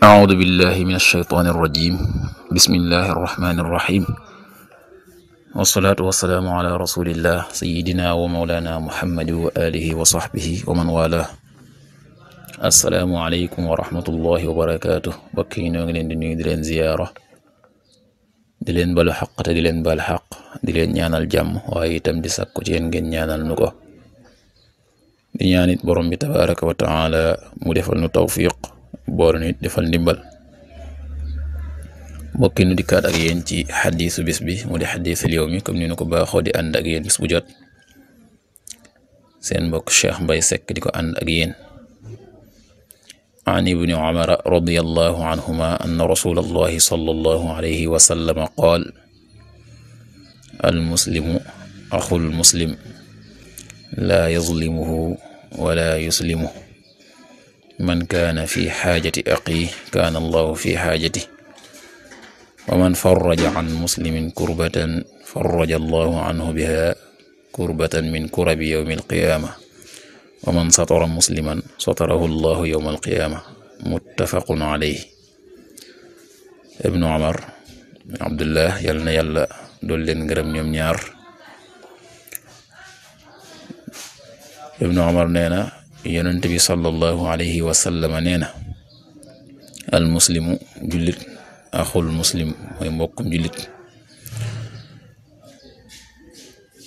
أعوذ بالله من الشيطان الرجيم بسم الله الرحمن الرحيم والصلاة والسلام على رسول الله سيدنا ومولانا محمد وآله وصحبه ومن والاه السلام عليكم ورحمة الله وبركاته بكينا ندني دلين زيارة دلين بالحق دلين بالحق دلين نيان الجم وايتم دسكو جين نيان النقو دلين نيان برم تبارك وتعالى مدفن التوفيق بورني دفال نبال بوكينو دي كاد اغيين تي حديث بس بي مودي حديث اليومي كم نينو كبا خودي اند اغيين بس بجوت سين بوك شيخ باي سك ديكو اند اغيين عن ابن عمر رضي الله عنهما أن رسول الله صلى الله عليه وسلم قال المسلم أخو المسلم لا يظلمه ولا يسلمه من كان في حاجة أخيه كان الله في حاجته ومن فرج عن مسلم كربة فرج الله عنه بها كربة من كرب يوم القيامة ومن سطر مسلما سطره الله يوم القيامة متفق عليه ابن عمر عبد الله يلنا يلا dool غرم gërëm نيار ابن عمر نينا yonent bi sallallahu alayhi wa sallam nee na al muslimu jullit axul muslim mooy mbokkum jullit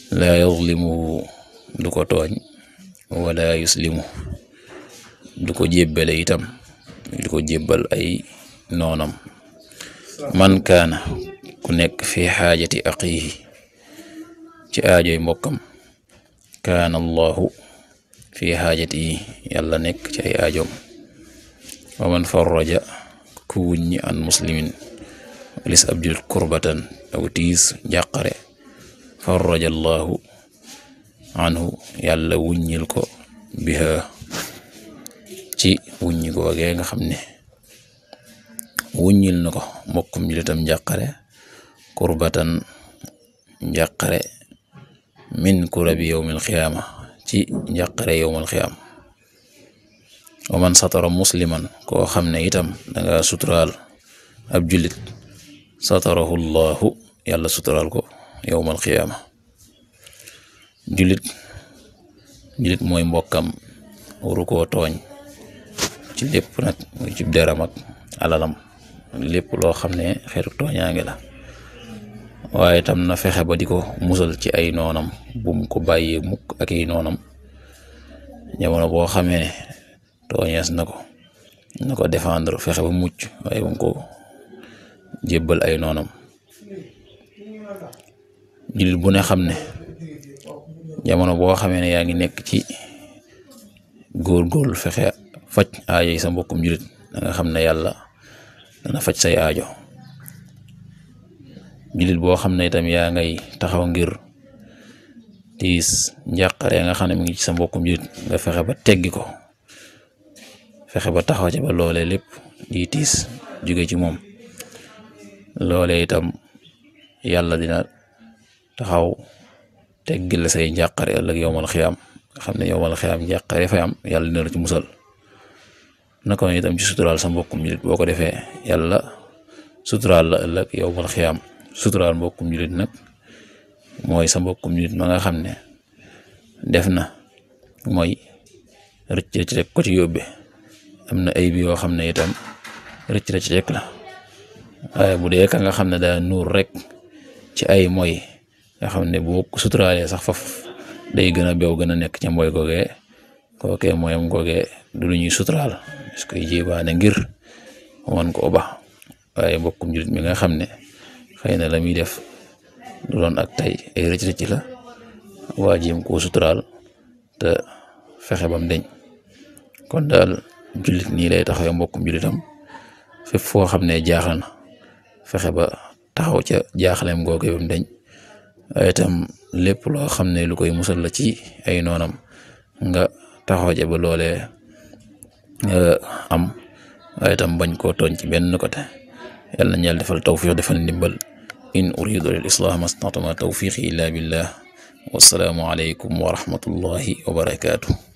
laa yadlimuhu du ko tooñ wala yuslimu du ko jébbale itam du ko jébbal ay noonam man kaana ku nekk fi xaajati aqihi ci aajoy mbokkam kaana allahu fii xaajat yi yàlla nekk ci ay aajoom wa man farraja ku wuññi an muslimin walis ab kurbatan aw tiis njàqare farraja allahu anhu yàlla wuññil ko biha ci wuññi googee nga xam ne wuññil na ko mbokkum julitam njàqare kurbatan njàqare min kurabi yawmil qiyaama ci njàqare yowmal xiyaam wa man satara musliman ko xamne itam itam nga sutural ab julit satarahu Allah yalla sutural ko yowmal xiyaama julit julit moy mbokam wuro ko togn ci lepp nak ci deram ak alalam lepp lo xamne xeru xeetu tooñaange la waaye tam na fexe ba di ko musal ci ay noonam bum ko bàyyee mukk ak ay noonam jamono boo xamee ne tooñees na ko na ko défendre fexe ba mucc waaye bum ko jébbal ay noonam jullit bu ne xam ne jamono boo xamee ne yaa ngi nekk ci góorgóorlu fexe faj aajo yi sa mbokkum jullit da xam ne yàlla dana faj say aajo jullit boo xam ne itam yaa ngay taxaw ngir tiis njàqare nga xam ne mu sa mbokkum jullit nga fexe ba teggi ko fexe ba taxaw ci ba loolee lépp di tiis jóge ci moom loole itam yàlla dina taxaw teggi la say njàqare ëllëg yowmal xiyaam nga xam ne yowmal xiyaam njàqare fay am yàlla dina la ci musal naka itam ci sutural sa mbokkum jullit boo ko defee yàlla suturaal la ëllëg yowmal xiyaam suturaal mbokkum jullit nag mooy sa mbokkum jullit ma nga xam ne def na mooy rëcc rëcc rek ko ci yóbbe am na ay bi yoo xam ne itam rëcc rëcc rek la waaye bu dee ka nga xam ne daa nuur rek ci ay moy nga xam ne boo suturaalee sax faf day gën a beew gën a nekk ca mooy googee kookee mooyam googee du lu ñuy suturaal parce que ngir wan ko ba waaye mbokkum jullit mi nga xam ne xëy na la muy def du ak tey ay rëcc rëcc la waa jéem koo suturaal fexe bam deñ kon daal jullit nii lay taxawee mbokkum jullitam fépp foo xam ne jaaxal na fexe ba taxaw ca jaaxaleem googu bam deñ waaye itam lépp loo xam ne lu koy musal la ci ay noonam nga taxaw ca ba loolee am waaye itam bañ koo tooñ ci benn côté yàlla nañ yàlla defal tawfiq defal ndimbal إن أريد للإصلاح ما استطعت توفيقي إلا بالله والسلام عليكم ورحمة الله وبركاته